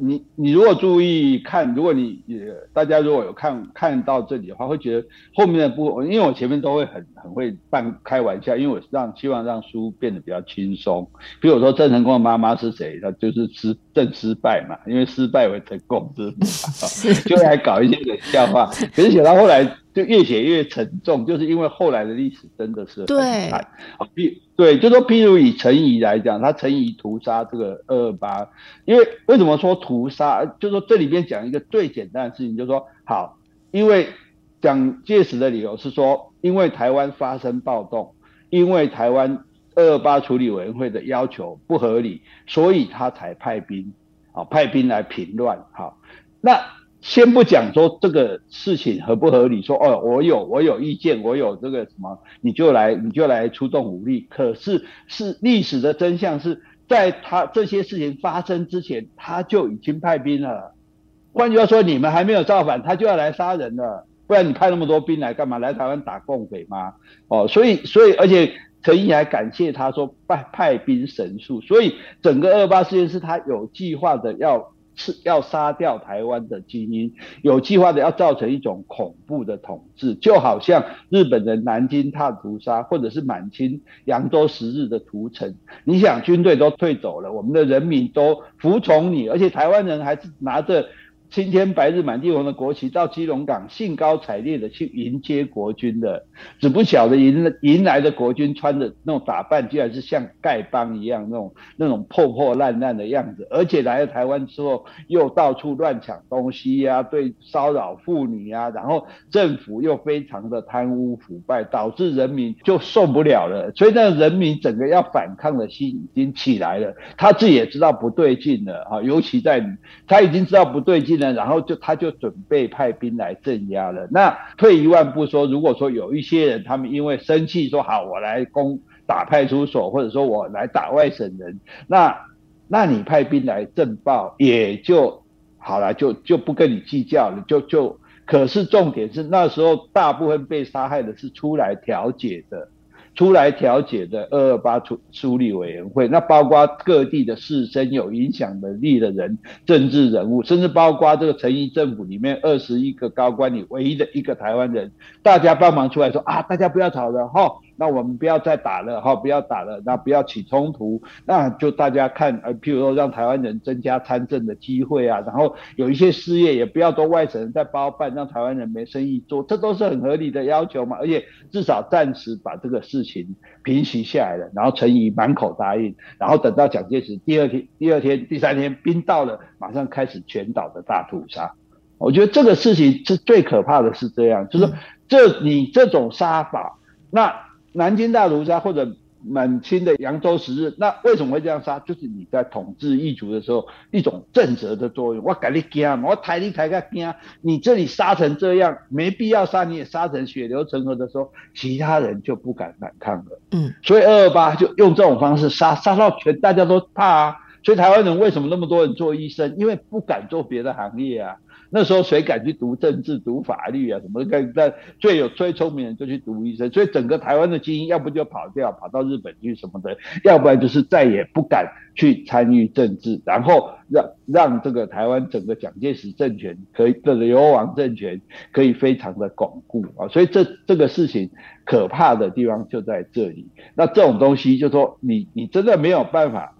[SPEAKER 1] 你你如果注意看，如果你也大家如果有看看到這裡的話，會覺得後面的部分，因為我前面都會很很會半開玩笑，因為我讓希望讓書變得比較輕鬆。比如說鄭成功的媽媽是誰？他就是失鄭失敗嘛，因為失敗為成功， <laughs> 就是還搞一些冷笑話。可是寫到後來。就越寫越沉重，就是因為後來的歷史真的是很慘啊。譬對，就說譬如以陳儀來講，他陳儀屠殺這個二二八，因為為什麼說屠殺？就說這裡面講一個最簡單的事情，就說好，因為蔣介石的理由是說，因為台灣發生暴動，因為台灣二二八處理委員會的要求不合理，所以他才派兵啊，派兵來平亂。好，那。先不講說這個事情合不合理說，說哦，我有我有意見，我有這個什麼，你就來你就來出動武力。可是是歷史的真相是在他這些事情發生之前，他就已經派兵了。換句話說，你們還沒有造反，他就要來殺人了，不然你派那麼多兵來幹嘛？來台灣打共匪嗎？哦，所以所以而且陳儀還感謝他說派兵神速，所以整個二八事件是他有計劃的要。是要殺掉台灣的精英，有計劃的要造成一種恐怖的統治，就好像日本人南京大屠殺，或者是滿清揚州十日的屠城。你想，軍隊都退走了，我們的人民都服從你，而且台灣人還是拿着。青天白日滿地紅的國旗，到基隆港興高采烈的去迎接國軍的，只不曉得迎迎來的國軍穿的那種打扮，居然是像丐幫一樣那種那種破破爛爛的樣子。而且來了台灣之後，又到處亂搶東西呀、啊，對騷擾婦女呀、啊，然後政府又非常的貪污腐敗，導致人民就受不了了。所以那人民整個要反抗的心已經起來了，他自己也知道不對勁了啊。尤其在你他已經知道不對勁。那然後就他就準備派兵來鎮壓了。那退一萬步說，如果說有一些人他們因為生氣說好我來攻打派出所，或者說我來打外省人，那那你派兵來鎮暴也就好了，就就不跟你計較了，就就。可是重點是那時候大部分被殺害的是出來調解的。出來調解的二二八出處理委員會，那包括各地的士紳、有影響能力的人、政治人物，甚至包括這個陳儀政府裡面二十一個高官裡唯一的一個台灣人，大家幫忙出來說啊，大家不要吵了哈。哦那我們不要再打了哈，不要打了，那不要起衝突，那就大家看，譬如說讓台灣人增加參政的機會啊，然後有一些事業也不要都外省人在包辦，讓台灣人沒生意做，這都是很合理的要求嘛。而且至少暫時把這個事情平息下來了，然後陳儀滿口答應，然後等到蔣介石第二天、第二天、第三天兵到了，馬上開始全島的大屠殺。我覺得這個事情是最可怕的是這樣，就是這、嗯、你這種殺法，那。南京大屠殺或者滿清的揚州十日，那為什麼會這樣殺？就是你在統治異族的時候，一種震懾的作用。我趕你乾，我抬你抬乾，你這裡殺成這樣，沒必要殺，你也殺成血流成河的時候，其他人就不敢反抗了。嗯，所以二二八就用這種方式殺，殺到全大家都怕啊。所以台灣人為什麼那麼多人做醫生？因為不敢做別的行業啊。那時候誰敢去讀政治、讀法律啊什麼的，那最有、最聰明的人就去讀醫生。所以整個台灣的精英，要不就跑掉，跑到日本去什麼的；要不然就是再也不敢去參與政治。然後讓讓這個台灣整個蔣介石政權可以，這個流亡政權可以非常的鞏固啊。所以這這個事情可怕的地方就在這裡。那這種東西就說你，你真的沒有辦法。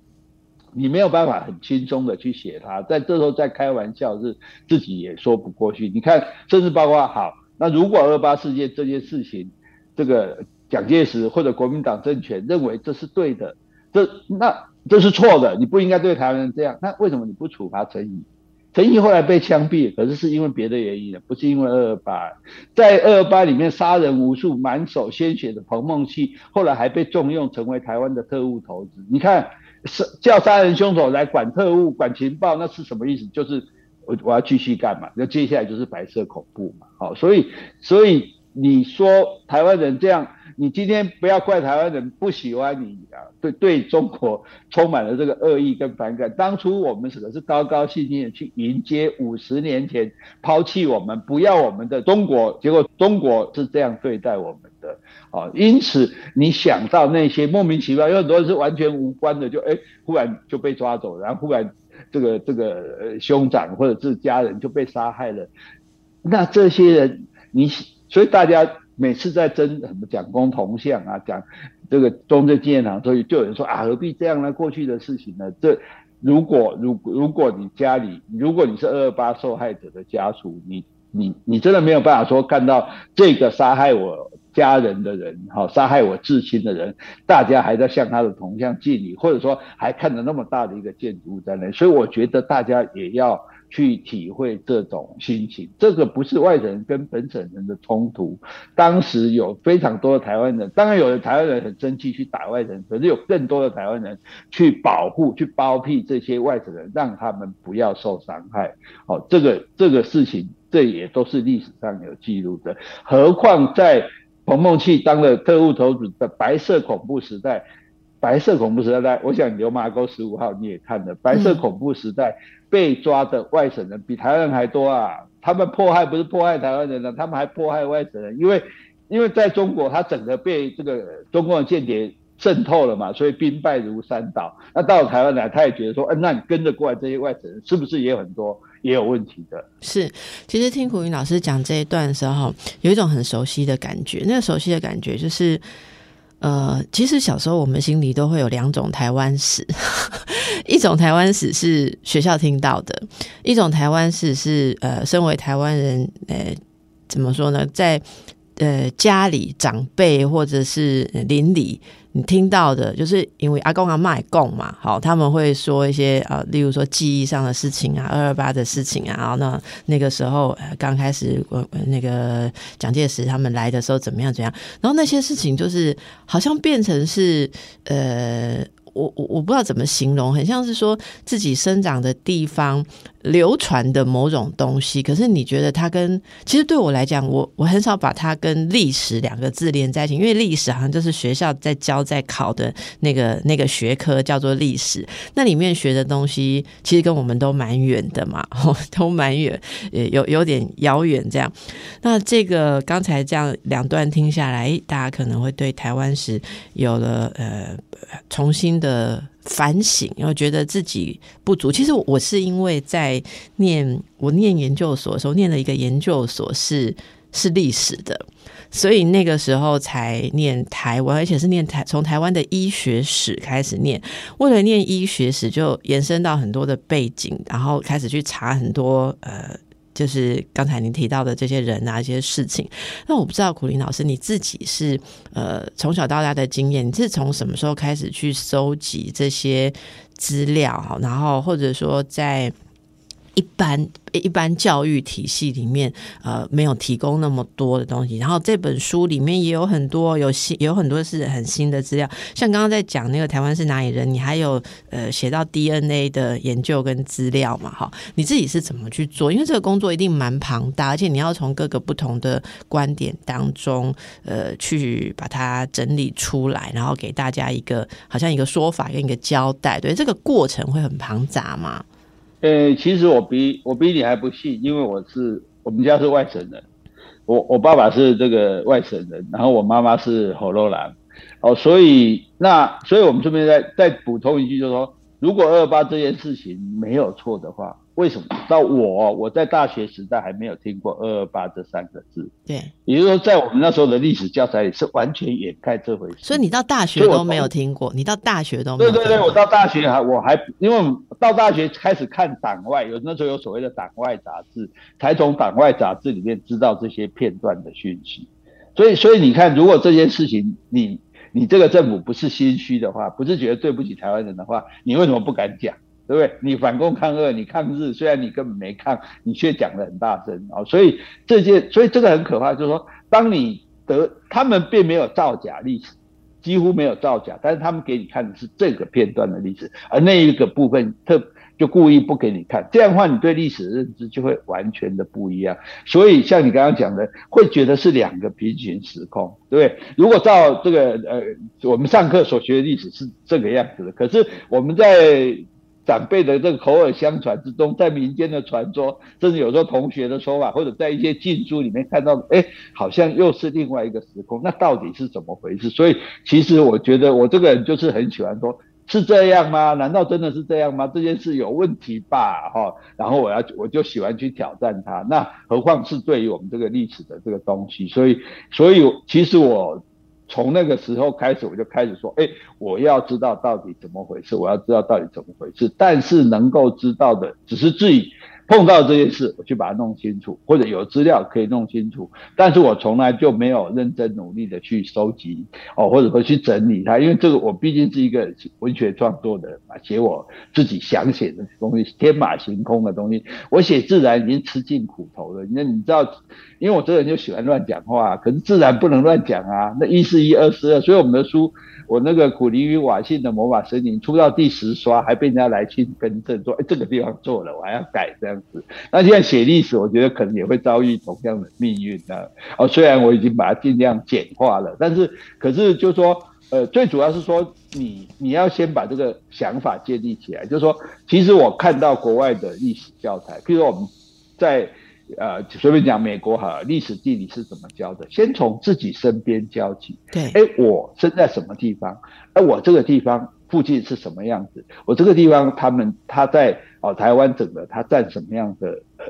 [SPEAKER 1] 你沒有辦法很輕鬆的去寫他，在這時候再開玩笑，是自己也說不過去。你看，甚至包括好，那如果二二八事件這件事情，這個蔣介石或者國民黨政權認為這是對的，這那這是錯的。你不應該對台灣人這樣。那為什麼你不處罰陳儀？陳儀後來被槍斃，可是是因為別的原因的，不是因為二二八。在二二八裡面殺人無數、滿手鮮血的彭孟緝，後來還被重用，成為台灣的特務頭子。你看。是叫殺人兇手來管特務管情報，那是什麼意思？就是我我要繼續幹嘛？那接下來就是白色恐怖嘛。好、哦，所以所以你說台灣人這樣，你今天不要怪台灣人不喜歡你啊，對對，中國充滿了這個惡意跟反感。當初我們只的是高高興興的去迎接五十年前拋棄我們，不要我們的中國，結果中國是這樣對待我們。因此你想到那些莫名其妙，有很多人是完全無關的，就誒、欸，忽然就被抓走了，然後忽然這個這個呃兄長或者是家人就被殺害了。那這些人你，你所以大家每次在爭什麼蔣公銅像啊，講這個中正紀念堂啊，所以就有人說啊，何必這樣呢？過去的事情呢？這如果如果如果你家裡，如果你是二二八受害者的家屬，你你你真的沒有辦法說看到這個殺害我。家人的人，好、哦、殺害我至親的人，大家還在向他的銅像敬禮，或者說還看着那麼大的一個建築物在那裡，所以我覺得大家也要去體會這種心情。這個不是外省人跟本省人的衝突，當時有非常多的台灣人，當然有的台灣人很生氣去打外省人，可是有更多的台灣人去保護、去包庇這些外省人，讓他們不要受傷害。好、哦，這個這個事情，這也都是歷史上有記錄的。何況在黃夢棄當了特務頭子的白色恐怖時代，白色恐怖時代，我想流麻溝十五號你也看了。白色恐怖時代被抓的外省人比台灣人還多啊！他們迫害不是迫害台灣人了，啊，他們還迫害外省人，因為因為在中國他整個被這個中共的間諜滲透了嘛，所以兵敗如山倒。那到了台灣來，他也覺得說，嗯、呃，那你跟着過來這些外省人是不是也很多？也有問
[SPEAKER 3] 題的是，其實聽苦苓老師講這一段的時候，有一種很熟悉的感覺。那個熟悉的感覺，就是呃，其實小時候我們心裡都會有兩種台灣史，一種台灣史是學校聽到的，一種台灣史是呃，身為台灣人，呃，怎麼說呢，在呃家裡長輩或者是呃、鄰里。你聽到的，就是因為阿公阿媽共嘛，好，他們會說一些啊，例如說記憶上的事情啊，二二八的事情啊，然後那那個時候剛開始那個蔣介石他們來的時候怎麼樣怎樣，然後那些事情就是好像變成是呃，我我我不知道怎麼形容，很像是說自己生長的地方。流傳的某種東西，可是你覺得它跟其實對我來講，我我很少把它跟歷史兩個字連在一起，因為歷史好像就是學校在教、在考的那個那個學科叫做歷史，那裡面學的東西其實跟我們都蠻遠的嘛，都蠻遠，也有有點遙遠這樣。那這個剛才這樣兩段聽下來，大家可能會對台灣史有了呃重新的。反省，然後覺得自己不足。其實我是因為在念我念研究所的時候，念了一個研究所是是歷史的，所以那個時候才念台灣，而且是念台從台灣的醫學史開始念。為了念醫學史，就延伸到很多的背景，然後開始去查很多呃。就是剛才您提到的這些人啊，這些事情。那我不知道，苦苓老師你自己是呃，從小到大的經驗，你是從什麼時候開始去收集這些資料，然後或者說在。一般一般教育體系裡面，呃，沒有提供那麼多的東西。然後這本書裡面也有很多有些，有很多是很新的資料。像剛剛在講那個台灣是哪裡人，你還有呃寫到 DNA 的研究跟資料嘛？哈，你自己是怎麼去做？因為這個工作一定蠻龐大，而且你要從各個不同的觀點當中，呃，去把它整理出來，然後給大家一個好像一個說法跟一個交代。對，這個過程會很龐雜嗎？
[SPEAKER 1] 呃、欸，其實我比我比你還不信，因為我是我們家是外省人，我我爸爸是這個外省人，然後我媽媽是河洛人，哦，所以那所以我們這邊再再補充一句，就是說，如果二二八這件事情沒有錯的話。為什麼？到我，我在大學時代還沒有聽過“二二八”這三個字。對，也就是說，在我們那時候的歷史教材裡是完全掩蓋這回事。
[SPEAKER 3] 所以你到大學都沒有聽過，你到大學都沒有聽過。對對對，我
[SPEAKER 1] 到大學還我還因為我們到大學開始看黨外，有那時候有所謂的黨外雜誌，才從黨外雜誌裡面知道這些片段的訊息。所以，所以你看，如果這件事情你你這個政府不是心虛的話，不是覺得對不起台灣人的話，你為什麼不敢講？對不對？你反共抗俄，你抗日，雖然你根本沒抗，你卻講得很大聲啊，哦！所以這些，所以這個很可怕，就是說，當你得他們並沒有造假歷史，幾乎沒有造假，但是他們給你看的是這個片段的歷史，而那一個部分特就故意不給你看，這樣的話，你對歷史的認知就會完全的不一樣。所以像你剛剛講的，會覺得是兩個平行時空，對不對？如果照這個呃，我們上課所學的歷史是這個樣子的，可是我們在長輩的這個口耳相傳之中，在民間的傳說，甚至有時候同學的說法，或者在一些禁書裡面看到，誒好像又是另外一個時空，那到底是怎麼回事？所以，其實我覺得我這個人就是很喜歡說，是這樣嗎？難道真的是這樣嗎？這件事有問題吧？哈，然後我要我就喜歡去挑戰它。那何況是對於我們這個歷史的這個東西？所以，所以其實我。從那個時候開始，我就開始說：“哎、欸，我要知道到底怎麼回事，我要知道到底怎麼回事。”但是能夠知道的，只是自己。碰到這件事，我去把它弄清楚，或者有資料可以弄清楚，但是我從來就沒有認真努力的去收集哦，或者說去整理它，因為這個我畢竟是一個文學創作的人嘛，寫我自己想寫的東西，天馬行空的東西，我寫自然已經吃盡苦頭了。那你知道，因為我這個人就喜歡亂講話，可是自然不能亂講啊，那一是一，二是二，所以我們的書。我那個《苦苓與瓦信的魔法森林》出到第十刷，還被人家來去更正說，說、欸、哎，這個地方做了，我還要改這樣子。那現在寫歷史，我覺得可能也會遭遇同樣的命運啊、哦。雖然我已經把它儘量簡化了，但是可是就是說，呃，最主要是說你你要先把這個想法建立起來，就是說，其實我看到國外的歷史教材，譬如說我們在。呃，隨便講美國哈，歷史地理是怎麼教的？先從自己身邊教起。對，哎、欸，我生在什麼地方？哎、啊，我這個地方附近是什麼樣子？我這個地方他們他在哦、呃、台灣整個，他占什麼樣的呃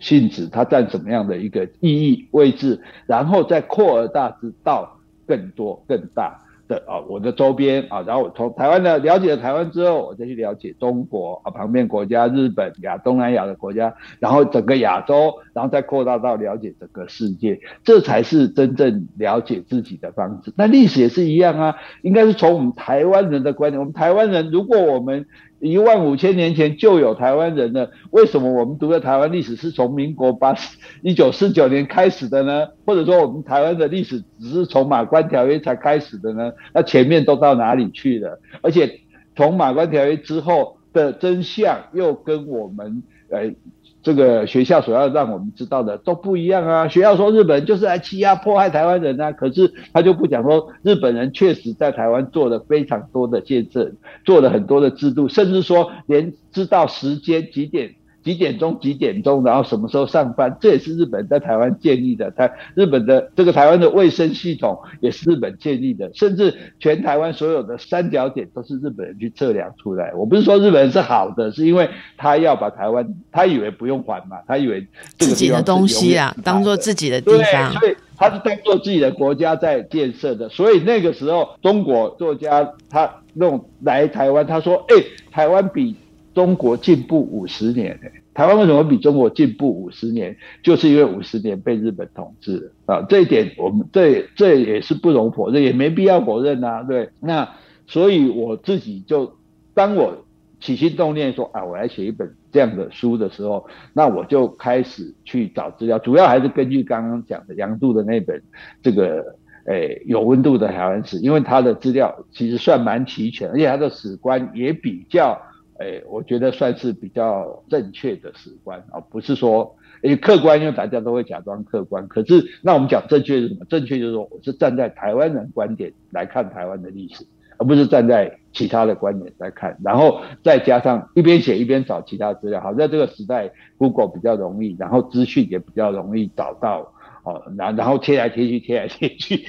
[SPEAKER 1] 性質？他占什麼樣的一個意義位置？然後再擴而大之，到更多更大。啊，我的周邊啊，然後我從台灣的了解了台灣之後，我再去了解中國啊，旁邊國家，日本、亞東南亞的國家，然後整個亞洲，然後再擴大到了解整個世界，這才是真正了解自己的方式。那歷史也是一樣啊，應該是從我們台灣人的觀點，我們台灣人如果我們。一萬五千年前就有台灣人了，為什麼我們讀的台灣歷史是從民國八一九四九年開始的呢？或者說我們台灣的歷史只是從馬關條約才開始的呢？那前面都到哪裡去了？而且從馬關條約之後的真相又跟我們誒？呃這個學校所要讓我們知道的都不一樣啊！學校說日本就是來欺壓迫害台灣人啊，可是他就不講說日本人確實在台灣做了非常多的建設，做了很多的制度，甚至說連知道時間幾點。幾點鐘？幾點鐘？然後什麼時候上班？這也是日本在台灣建立的。台日本的這個台灣的衛生系統也是日本建立的，甚至全台灣所有的三角點都是日本人去測量出來。我不是說日本人是好的，是因為他要把台灣，他以為不用還嘛，他以為自、自己的東西啊，當做自己的地方。對，所以他是當做自己的國家在建設的。所以那個時候，中國作家他那種來台灣，他說：“哎、欸，台灣比。”中國進步五十年，欸，台灣為什麼比中國進步五十年？就是因為五十年被日本統治啊！這一點我們這這也是不容否認，也沒必要否認啊。對，那所以我自己就當我起心動念說啊，我來寫一本這樣的書的時候，那我就開始去找資料，主要還是根據剛剛講的楊渡的那本這個誒、欸、有溫度的台灣史，因為他的資料其實算蠻齊全，而且他的史觀也比較。哎，我覺得算是比較正確的史觀啊，不是說誒客觀，因為大家都會假裝客觀。可是那我們講正確是什麼？正確就是說，我是站在台灣人的觀點來看台灣的歷史，而不是站在其他的觀點來看。然後再加上一邊寫一邊找其他資料，好，在這個時代 Google 比較容易，然後資訊也比較容易找到。好，然然後貼來貼去，去，貼來貼去。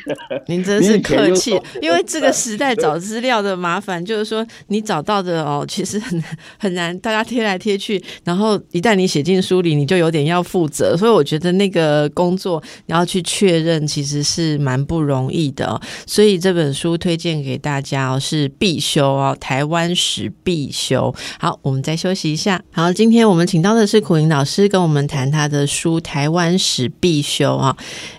[SPEAKER 1] 您真是客氣，因為這個時代找資
[SPEAKER 3] 料的麻煩，就是說你找到的哦、喔， <laughs> 其實很難很難。大家貼來貼去，然後一旦你寫進書裡，你就有點要負責。所以我覺得那個工作你要去確認，其實是蠻不容易的、喔。所以這本書推薦給大家哦、喔，是必修哦、喔，台灣史必修。好，我們再休息一下。好，今天我們請到的是苦苓老師，跟我們談他的書《台灣史必修》。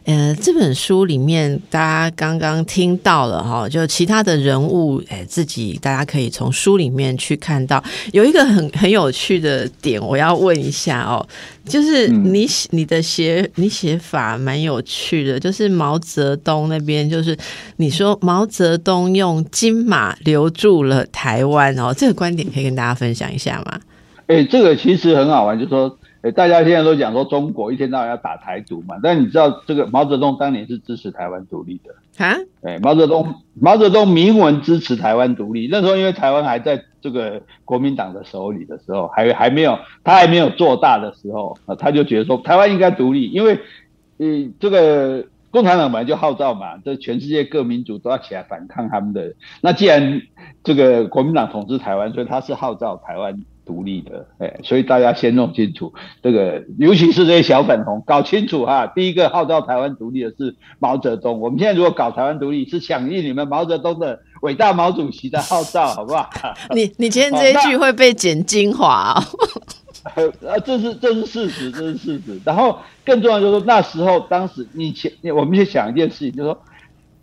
[SPEAKER 3] 呃、欸，這本書裡面大家剛剛聽到了哈，就其他的人物，哎、欸，自己大家可以從書裡面去看到。有一個很很有趣的點，我要問一下哦，就是你寫你的寫你寫法蠻有趣的，就是毛澤東那邊，就是你說毛澤東用金馬留住了台灣哦，這個觀點可以跟大家分享一下嗎？
[SPEAKER 1] 哎、欸，這個其實很好玩，就是說。欸，大家現在都講說中國一天到晚要打台獨嘛，但你知道這個毛澤東當年是支持台灣獨立的啊？哎，欸，毛澤東，毛澤東明文支持台灣獨立。那時候因為台灣還在這個國民黨的手裡的時候，還還沒有他還沒有做大的時候，啊，他就覺得說台灣應該獨立，因為呃這個共產黨本來就號召嘛，這全世界各民族都要起來反抗他們的。那既然這個國民黨統治台灣，所以他是號召台灣。獨立的、欸，所以大家先弄清楚這個，尤其是這些小粉紅，搞清楚哈。第一個號召台灣獨立的是毛澤東。我們現在如果搞台灣獨立，是響應你們毛澤東的偉大毛主席的號召， <laughs> 好
[SPEAKER 3] 不好？你你今天這一句會被剪精華，
[SPEAKER 1] 啊、呃，這是這是事實，這是事實。然後更重要就是說，那時候當時你前，我們先想一件事情，就是說。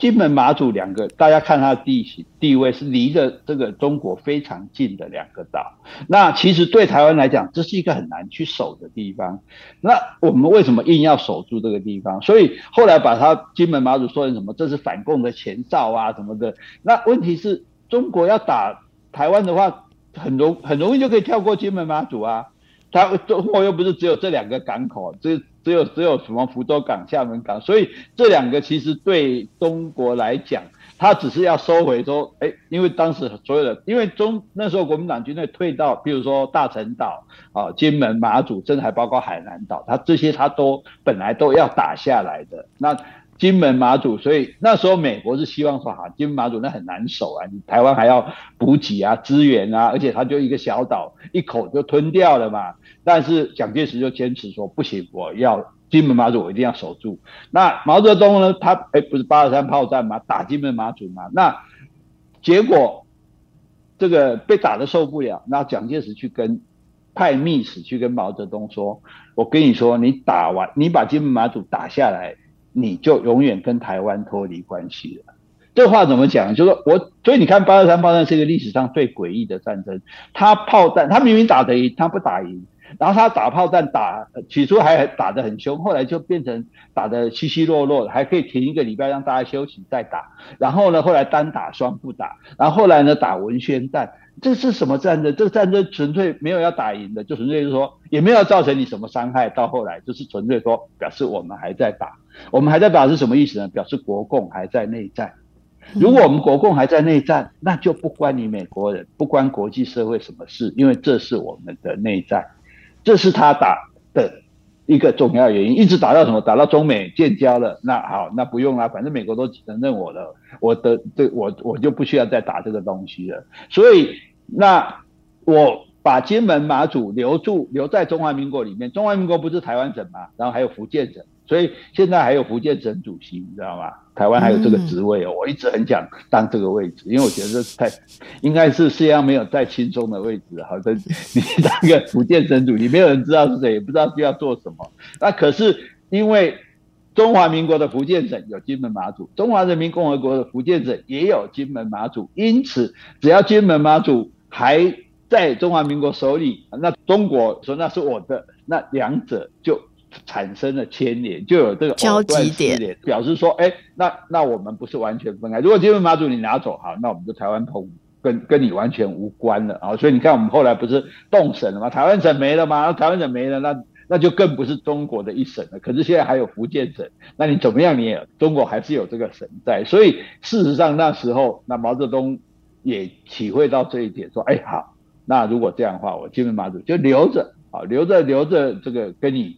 [SPEAKER 1] 金門馬祖兩個，大家看它的地形地位是離着這個中國非常近的兩個島。那其實對台灣來講，這是一個很難去守的地方。那我們為什麼硬要守住這個地方？所以後來把它金門馬祖說成什麼？這是反共的前兆啊什麼的。那問題是，中國要打台灣的話，很容很容易就可以跳過金門馬祖啊。它中國又不是只有這兩個港口啊，這。只有只有什麼福州港、廈門港，所以這兩個其實對中國來講，他只是要收回說，哎、欸，因為當時所有的，因為中那時候國民黨軍隊退到，比如說大陳島啊、金門、馬祖、鎮，還包括海南島，他這些他都本來都要打下來的那。金門馬祖，所以那時候美國是希望說哈，金門馬祖那很難守啊，你台灣還要補給啊、資源啊，而且它就一個小島，一口就吞掉了嘛。但是蔣介石就堅持說不行，我要金門馬祖，我一定要守住。那毛澤東呢，他哎，欸，不是八二三炮戰嘛，打金門馬祖嘛，那結果這個被打得受不了，那蔣介石去跟派密使去跟毛澤東說，我跟你說，你打完，你把金門馬祖打下來。你就永遠跟台灣脫離關係了。這話怎麼講？就是說我，所以你看八二三炮戰是一個歷史上最詭異的戰爭。他炮戰，他明明打得贏，他不打贏。然後他打炮戰打，起初還打得很兇，後來就變成打得稀稀落落，還可以停一個禮拜讓大家休息再打。然後呢，後來單打雙不打，然後，後來呢打文宣戰。這是什麼戰爭？這個戰爭純粹沒有要打贏的，就純粹就是說也沒有造成你什麼傷害。到後來就是純粹說表示我們還在打。我們還在表示什麼意思呢？表示國共還在內戰。如果我們國共還在內戰、嗯，那就不關你美國人，不關國際社會什麼事，因為這是我們的內戰，這是他打的一個重要原因。一直打到什麼？打到中美建交了。那好，那不用了，反正美國都承認我了，我得對我我就不需要再打這個東西了。所以那我把金門、馬祖留住，留在中華民國裡面。中華民國不是台灣省嗎？然後還有福建省。所以現在還有福建省主席，你知道嗎？台灣還有這個職位哦，我一直很想當這個位置，因為我覺得這太應該是世界上沒有再輕鬆的位置。好像你當個福建省主，你沒有人知道是誰，也不知道是要做什麼。那可是因為中華民國的福建省有金門馬祖，中華人民共和國的福建省也有金門馬祖，因此只要金門馬祖還在中華民國手裡，那中國說那是我的，那兩者就產生了牽連，就有這個交集點，哦，表示說，哎、欸，那那我們不是完全分開。如果金門馬祖你拿走，好，那我們就台灣澎跟跟你完全無關了啊。所以你看，我們後來不是動省了嗎？台灣省沒了嗎？台灣省沒了，那那就更不是中國的一省了。可是現在還有福建省，那你怎麼樣？你也中國還是有這個省在。所以事實上那時候，那毛澤東也體會到這一點，說，哎、欸，好，那如果這樣的話，我金門馬祖就留着，好，留着留着這個跟你。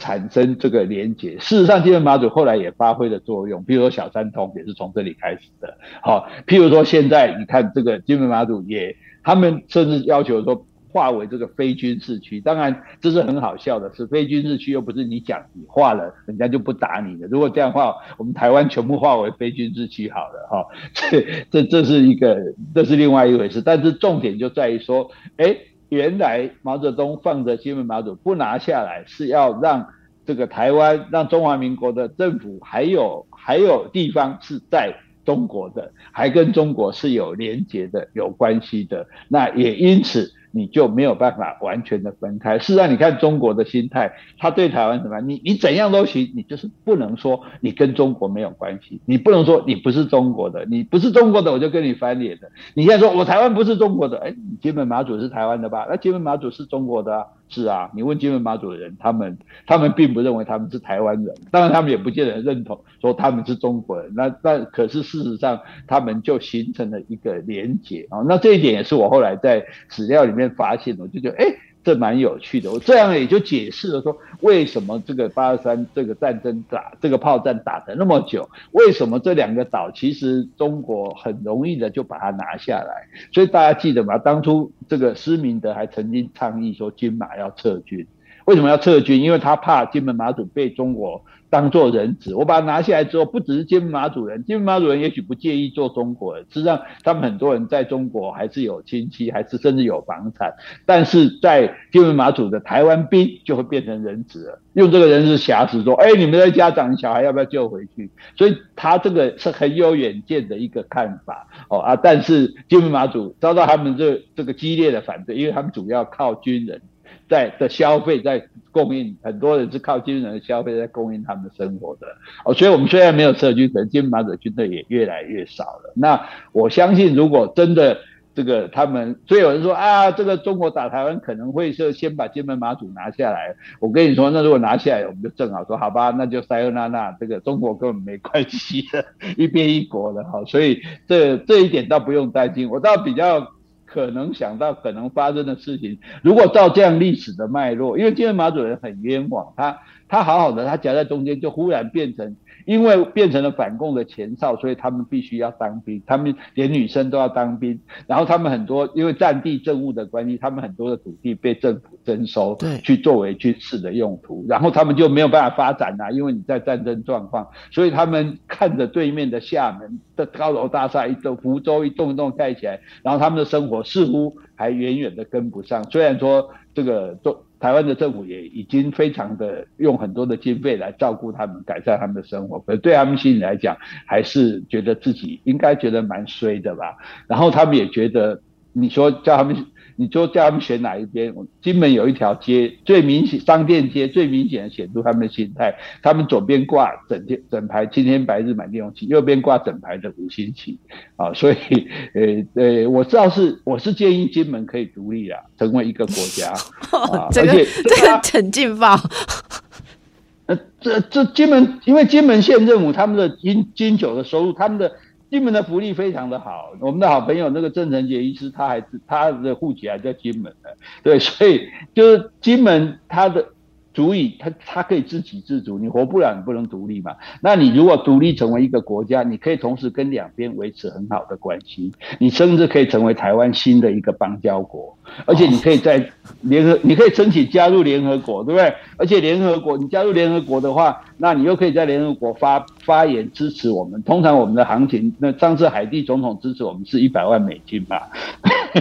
[SPEAKER 1] 產生這個連結，事實上，金門馬祖後來也發揮了作用，比如說小三通也是從這裡開始的。好、哦，譬如說現在你看這個金門馬祖也，他們甚至要求說劃為這個非軍事區，當然這是很好笑的，是非軍事區又不是你講你劃了，人家就不打你了。如果這樣的話，我們台灣全部劃為非軍事區好了，哈、哦，這這這是一個，這是另外一回事，但是重點就在於說，哎、欸。原來毛澤東放着金門、馬祖不拿下來，是要讓這個台灣、讓中華民國的政府，還有還有地方是在中國的，還跟中國是有連結的、有關係的。那也因此。你就沒有辦法完全的分開。事實上，你看中國的心態，他對台灣怎麼樣？你你怎樣都行，你就是不能說你跟中國沒有關係，你不能說你不是中國的，你不是中國的我就跟你翻臉的。你現在說我台灣不是中國的，哎、欸，你金門馬祖是台灣的吧？那金門馬祖是中國的啊。是啊，你問金門馬祖的人，他們他們並不認為他們是台灣人，當然他們也不見得認同，說他們是中國人。那那可是事實上，他們就形成了一個連結啊、哦。那這一點也是我後來在史料裡面發現的，我就覺得哎。欸這蠻有趣的，我這樣也就解釋了說，為什麼這個八二三這個戰爭打這個炮戰打得那麼久，為什麼這兩個島其實中國很容易的就把它拿下來。所以大家記得嘛，當初這個施明德還曾經倡議說金馬要撤軍，為什麼要撤軍？因為他怕金門馬祖被中國。當做人質，我把它拿下來之後，不只是金門馬祖人，金門馬祖人也許不介意做中國人，事實上他們很多人在中國還是有親戚，還是甚至有房產，但是在金門馬祖的台灣兵就會變成人質了。用這個人質挾持說，哎、欸，你們的家長，小孩要不要救回去？所以他這個是很有遠見的一個看法哦啊，但是金門馬祖遭到他們這個、這個激烈的反對，因為他們主要靠軍人。在的消費在供應，很多人是靠軍人的消費在供應他們的生活的哦，所以我們雖然沒有撤軍，可是金門馬祖軍隊也越來越少了。那我相信，如果真的這個他們，所以有人說啊，這個中國打台灣可能會是先把金門馬祖拿下來。我跟你說，那如果拿下來，我們就正好說好吧，那就塞爾納納，這個中國跟我們沒關係的，一邊一國的哈，哦，所以這這一點倒不用擔心，我倒比較。可能想到可能發生的事情，如果照這樣歷史的脈絡，因為今天馬主任很冤枉他，他好好的，他夾在中間就忽然變成。因為變成了反共的前哨，所以他們必須要當兵，他們連女生都要當兵。然後他們很多因為戰地政務的關係，他們很多的土地被政府徵收，去作為軍事的用途。然後他們就沒有辦法發展了啊，因為你在戰爭狀況，所以他們看着對面的廈門的高樓大廈一棟，福州一棟一棟蓋起來，然後他們的生活似乎還遠遠的跟不上。雖然說這個台灣的政府也已經非常的用很多的經費來照顧他們，改善他們的生活。可是對他們心裡來講，還是覺得自己應該覺得蠻衰的吧。然後他們也覺得，你說叫他們。你就叫他們選哪一邊。金門有一條街最明顯，商店街最明顯的顯出他們的心態。他們左邊掛整天整排青天白日滿地紅旗，右邊掛整排的五星旗。啊，所以呃呃、欸，我知道是我是建議金門可以獨立啊，成為一個國家這、啊、 <laughs> 個這個很勁爆、 <laughs> 呃。那這這金門因為金門縣政府他們的金金九的收入，他們的。金門的福利非常的好，我們的好朋友那個鄭成杰醫師他，他還是他的戶籍還在金門呢，對，所以就是金門他的足以他他可以自給自足，你活不了，你不能獨立嘛。那你如果獨立成為一個國家，你可以同時跟兩邊維持很好的關係，你甚至可以成為台灣新的一個邦交國。而且你可以在聯合國，oh. 你可以申請加入聯合國，對不對？而且聯合國，你加入聯合國的話，那你又可以在聯合國發發言支持我們。通常我們的行情，那上次海地總統支持我們是一百萬美金吧。 <laughs> <laughs>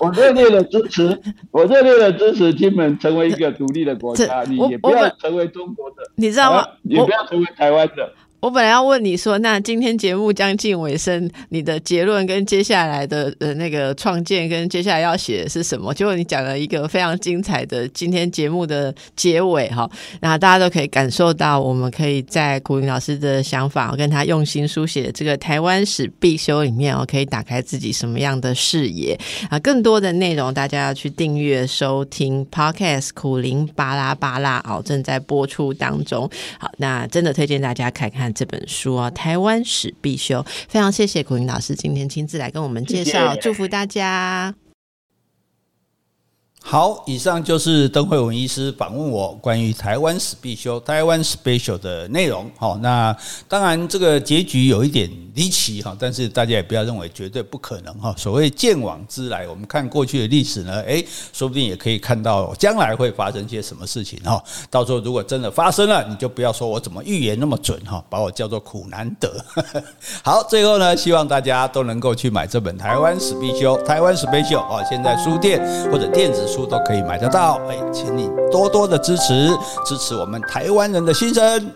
[SPEAKER 1] 我熱烈的支持，oh. 我熱烈的支持，我熱烈的支持金門成為一個獨立的國家， <laughs> 你也不要成為中國的， <laughs> 你知道嗎？你不要成為台灣的。
[SPEAKER 3] 我本來要問你說，那今天節目將近尾聲，你的結論跟接下來的呃那個創建跟接下來要寫的是什麼？結果你講了一個非常精彩的今天節目的結尾哈、哦，那大家都可以感受到，我們可以在苦苓老師的想法、哦、跟他用心書寫的這個台灣史必修裡面哦，可以打開自己什麼樣的視野啊？更多的內容大家要去訂閱收聽 Podcast 苦苓巴拉巴拉哦，正在播出當中。好，那真的推薦大家看看。這本書啊，台灣史必修，非常謝謝苦苓老師今天親自來跟我們介紹，祝福大家。
[SPEAKER 1] 好，以上就是鄧惠文醫師訪問我關於《台灣史必修》《台灣 Special》的內容。好，那當然這個結局有一點離奇哈，但是大家也不要認為絕對不可能哈。所謂鑑往知來，我們看過去的歷史呢，誒，說不定也可以看到將來會發生些什麼事情哈。到時候如果真的發生了，你就不要說我怎麼預言那麼準哈，把我叫做苦難得。好，最後呢，希望大家都能夠去買這本《台灣史必修》《台灣 Special》啊，現在書店或者電子。書都可以買得到，哎，請你多多的支持，支持我們台灣人的心聲。